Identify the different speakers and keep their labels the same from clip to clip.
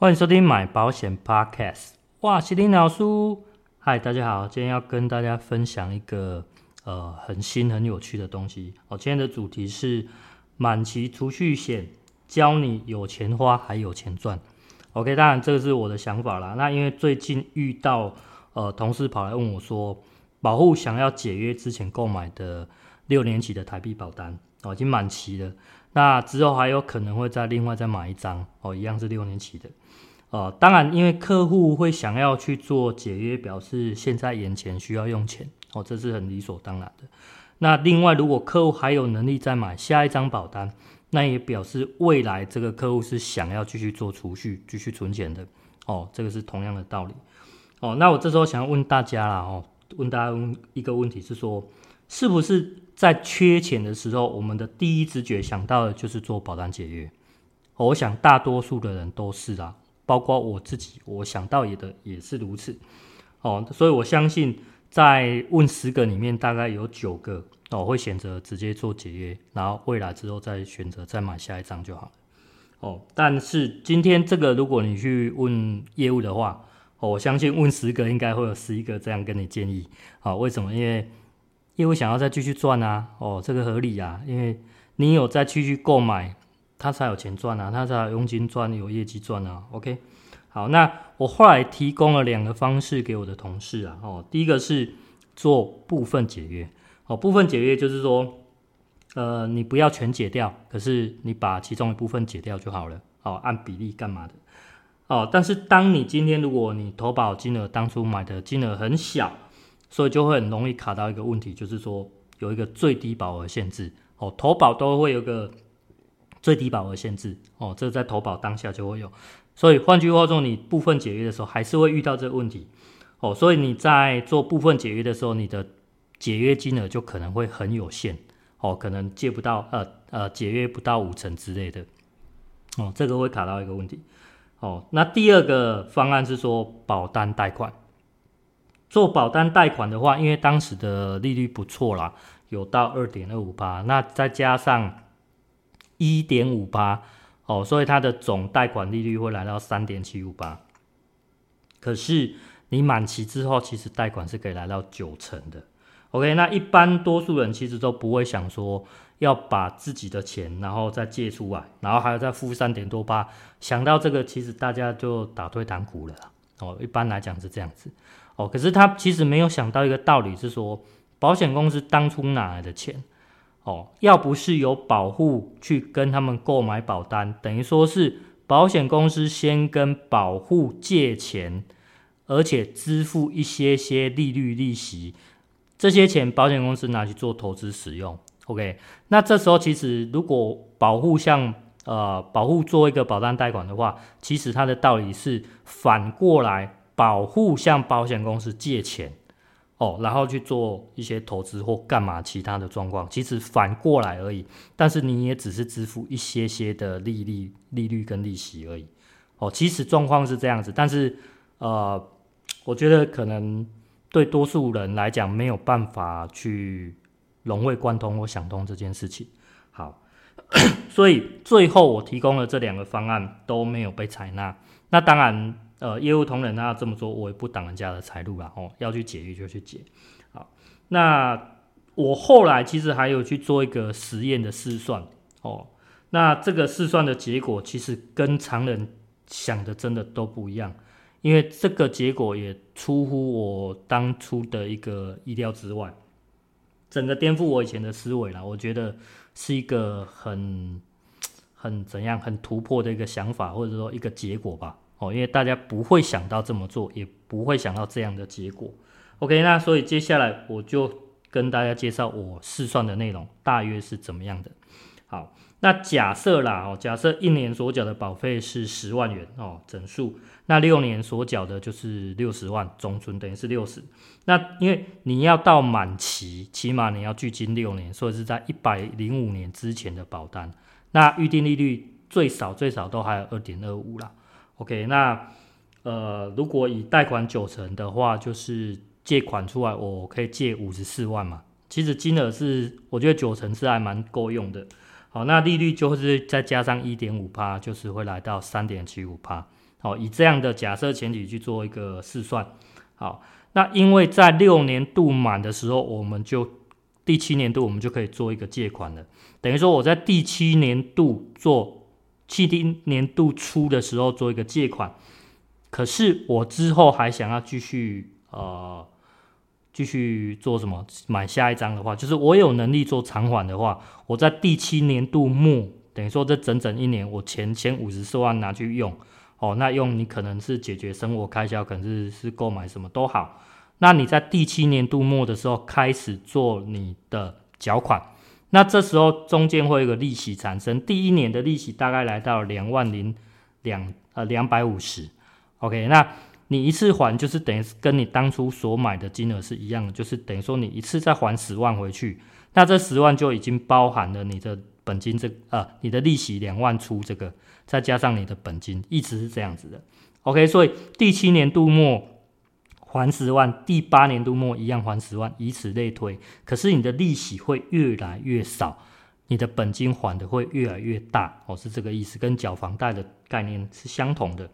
Speaker 1: 歡迎收聽買保險 Podcast。哇，奇林老師，嗨，大家好，今天要跟大家分享一個呃很新、很有趣的東西哦。今天的主題是滿期儲蓄險，教你有錢花還有錢賺。OK，當然這個是我的想法啦。那因為最近遇到呃同事跑來問我說，說保戶想要解約之前購買的六年期的台幣保單，哦，已經滿期了。那之後還有可能會再另外再買一張哦，一樣是六年期的，哦，當然，因為客戶會想要去做解約，表示現在眼前需要用錢哦，這是很理所當然的。那另外，如果客戶還有能力再買下一張保單，那也表示未來這個客戶是想要繼續做儲蓄、繼續存錢的哦，這個是同樣的道理。哦，那我這時候想要問大家了哦，問大家一個問題是說，是不是？在缺錢的時候，我們的第一直覺想到的就是做保單解約。哦，我想大多數的人都是啊，包括我自己，我想到也的也是如此。哦，所以我相信，在問十個裡面，大概有九個我，哦，會選擇直接做解約，然後未來之後再選擇再買下一張就好了。哦，但是今天這個，如果你去問業務的話，哦，我相信問十個應該會有十一個這樣跟你建議。好，哦，為什麼？因為。因為我想要再繼續賺啊？哦，這個合理啊，因為你有再繼續購買，他才有錢賺啊，他才有佣金賺，有業績賺啊。OK，好，那我後來提供了兩個方式給我的同事啊。哦，第一個是做部分解約，哦，部分解約就是說，呃，你不要全解掉，可是你把其中一部分解掉就好了。哦，按比例幹嘛的？哦，但是當你今天如果你投保金額當初買的金額很小。所以就會很容易卡到一個問題，就是說有一個最低保額限制哦，投保都會有個最低保額限制哦，這個在投保當下就會有。所以換句話說，你部分解約的時候還是會遇到這個問題哦，所以你在做部分解約的時候，你的解約金額就可能會很有限哦，可能借不到呃呃，解約不到五成之類的哦，這個會卡到一個問題哦。那第二個方案是說保單貸款。做保單貸款的話，因為當時的利率不錯啦，有到二點二五趴，那再加上一點五趴，哦，所以它的總貸款利率會來到三點七五趴。可是你滿期之後，其實貸款是可以來到九成的。OK，那一般多數人其實都不會想說要把自己的錢然後再借出來，然後還要再付三點多趴。想到這個，其實大家就打退堂鼓了。哦，一般來講是這樣子。哦，可是他其實沒有想到一個道理是說，保險公司當初哪來的錢，哦，要不是有保戶去跟他們購買保單，等於說是保險公司先跟保戶借錢，而且支付一些些利率利息，這些錢保險公司拿去做投資使用。OK，那這時候其實如果保戶像呃保戶做一個保單貸款的話，其實它的道理是反過來。保戶向保險公司借錢，哦，然後去做一些投資或幹嘛其他的狀況，其實反過來而已。但是你也只是支付一些些的利率、利率跟利息而已，哦，其實狀況是這樣子。但是，呃，我覺得可能對多數人來講沒有辦法去融會貫通或想通這件事情。好， 所以最後我提供了這兩個方案都沒有被採納。那當然。呃，業務同仁啊，要這麼說我也不擋人家的財路啊，哦，要去解約就去解。好，那我後來其實還有去做一個實驗的試算，哦，那這個試算的結果其實跟常人想的真的都不一樣，因為這個結果也出乎我當初的一個意料之外，整個顛覆我以前的思維了。我覺得是一個很很怎樣很突破的一個想法，或者說一個結果吧。哦，因為大家不會想到這麼做，也不會想到這樣的結果。OK，那所以接下來我就跟大家介紹我試算的內容大約是怎麼樣的。好，那假設啦，哦，假設一年所繳的保費是十萬元哦，整數。那六年所繳的就是六十萬，總存等於是六十。那因為你要到滿期，起碼你要距今六年，所以是在一百零五年之前的保單。那預定利率最少最少都還有二點二五啦。OK，那呃，如果以貸款九成的話，就是借款出來，我可以借五十四萬嘛。其實金額是，我覺得九成是還蠻夠用的。好，那利率就是再加上一點五趴，就是會來到三點七五趴。好，以這樣的假設前提去做一個試算。好，那因為在六年度滿的時候，我們就第七年度我們就可以做一個借款了。等於說我在第七年度做。七零年度初的時候做一個借款，可是我之後還想要繼續呃繼續做什麼？買下一張的話，就是我有能力做償還的話，我在第七年度末，等於說這整整一年，我前前五十四萬拿去用，哦，那用你可能是解決生活開銷，可能是是購買什麼都好。那你在第七年度末的時候開始做你的繳款。那這時候中間會有一個利息產生，第一年的利息大概來到兩萬零兩呃兩百五十，OK，那你一次還就是等於跟你當初所買的金額是一樣的，就是等於說你一次再還十萬回去，那這十萬就已經包含了你的本金這個、呃你的利息兩萬出這個，再加上你的本金一直是這樣子的，OK，所以第七年度末。還十萬，第八年度末一樣還十萬，以此類推。可是你的利息會越來越少，你的本金還的會越來越大。哦，是這個意思，跟繳房貸的概念是相同的。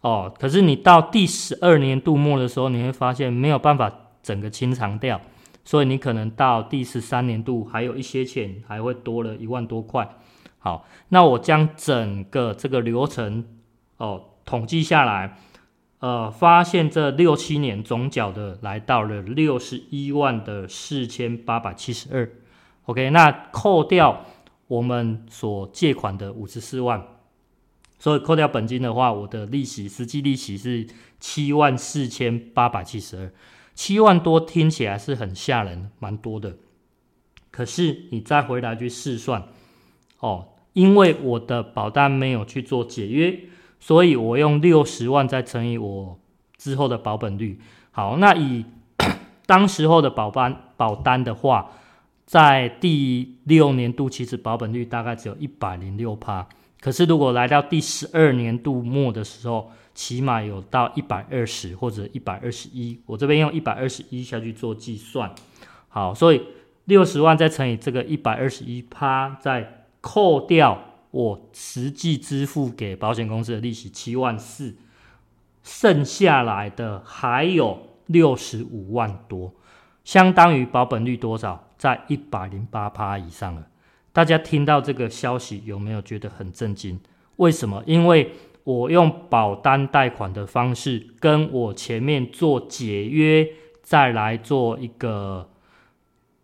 Speaker 1: 哦，可是你到第十二年度末的時候，你會發現沒有辦法整個清償掉，所以你可能到第十三年度還有一些錢，還會多了一萬多塊。好，那我將整個這個流程哦統計下來。呃，發現這六七年總繳的來到了六十一萬的四千八百七十二，OK，那扣掉我們所借款的五十四萬，所以扣掉本金的話，我的利息，實際利息是七萬四千八百七十二，七萬多聽起來是很嚇人，蠻多的。可是你再回來去試算，哦，因為我的保單沒有去做解約。所以，我用六十萬再乘以我之後的保本率。好，那以當時候的保單保單的話，在第六年度其實保本率大概只有一百零六趴。可是，如果來到第十二年度末的時候，起碼有到一百二十或者一百二十一。我這邊用一百二十一下去做計算。好，所以六十萬再乘以這個一百二十一趴，再扣掉。我實際支付給保險公司的利息七萬四，剩下來的還有六十五萬多，相當於保本率多少？在一百零八趴以上了。大家聽到這個消息有沒有覺得很震驚？為什麼？因為我用保單貸款的方式，跟我前面做解約再來做一個。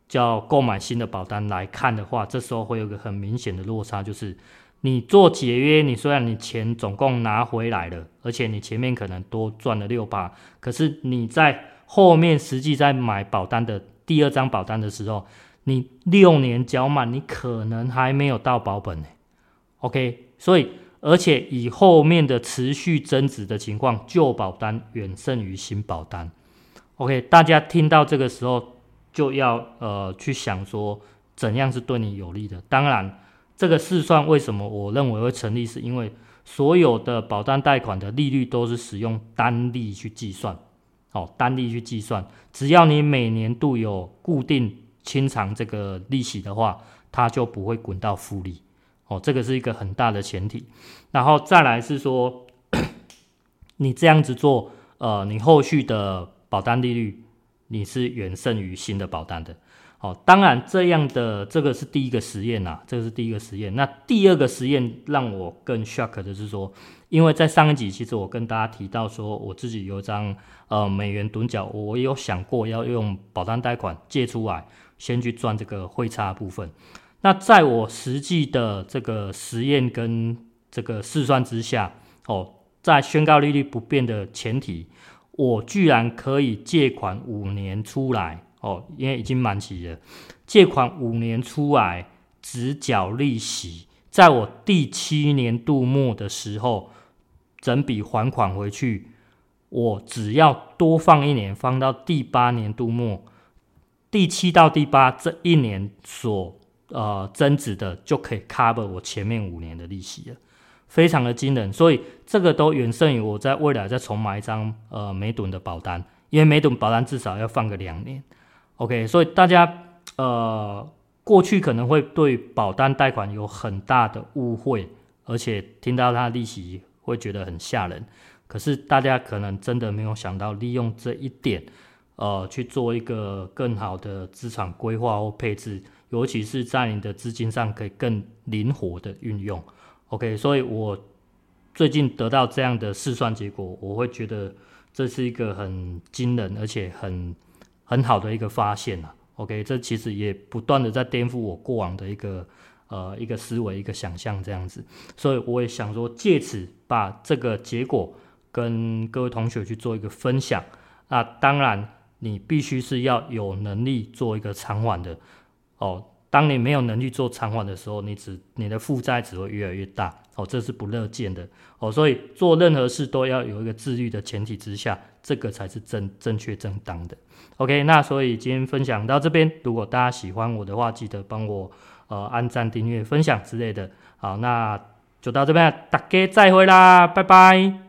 Speaker 1: 叫購買新的保單來看的話，這時候會有一個很明顯的落差，就是你做解約，你雖然你錢總共拿回來了，而且你前面可能多賺了六八，8, 可是你在後面實際在買保單的第二張保單的時候，你六年繳滿，你可能還沒有到保本呢。OK，所以而且以後面的持續增值的情況，舊保單遠勝於新保單。OK，大家聽到這個時候。就要呃去想說怎樣是對你有利的。當然，這個試算為什麼我認為會成立，是因為所有的保單貸款的利率都是使用單利去計算，哦，單利去計算，只要你每年度有固定清償這個利息的話，它就不會滾到複利，哦，這個是一個很大的前提。然後再來是說，你這樣子做，呃，你後續的保單利率。你是遠勝於新的保單的，好、哦，當然這樣的這個是第一個實驗吶，這個是第一個實驗。那第二個實驗讓我更 shock 的是說，因為在上一集其實我跟大家提到說，我自己有一張呃美元躉繳，我有想過要用保單貸款借出來，先去賺這個匯差的部分。那在我實際的這個實驗跟這個試算之下，哦，在宣告利率不變的前提。我居然可以借款五年出來哦，因為已經滿期了。借款五年出來，只繳利息，在我第七年度末的時候，整筆還款回去，我只要多放一年，放到第八年度末，第七到第八這一年所呃增值的，就可以 cover 我前面五年的利息了。非常的驚人，所以這個都遠勝於我在未來再重買一張呃美盾的保單，因為美盾保單至少要放個兩年，OK？所以大家呃過去可能會對保單貸款有很大的誤會，而且聽到它的利息會覺得很嚇人，可是大家可能真的沒有想到利用這一點，呃去做一個更好的資產規劃或配置，尤其是在你的資金上可以更靈活的運用。OK，所以我最近得到這樣的試算結果，我會覺得這是一個很驚人，而且很很好的一個發現吶、啊。OK，這其實也不斷的在顛覆我過往的一個呃一個思維、一個想象這樣子。所以我也想說，借此把這個結果跟各位同學去做一個分享。那當然你必須是要有能力做一個償還的哦。當你沒有能力做償還的時候，你只你的負債只會越來越大哦，這是不樂見的哦。所以做任何事都要有一個自律的前提之下，這個才是正正確正當的。OK，那所以今天分享到這邊，如果大家喜歡我的話，記得幫我呃按讚、訂閱、分享之類的。好，那就到這邊，大家再會啦，拜拜。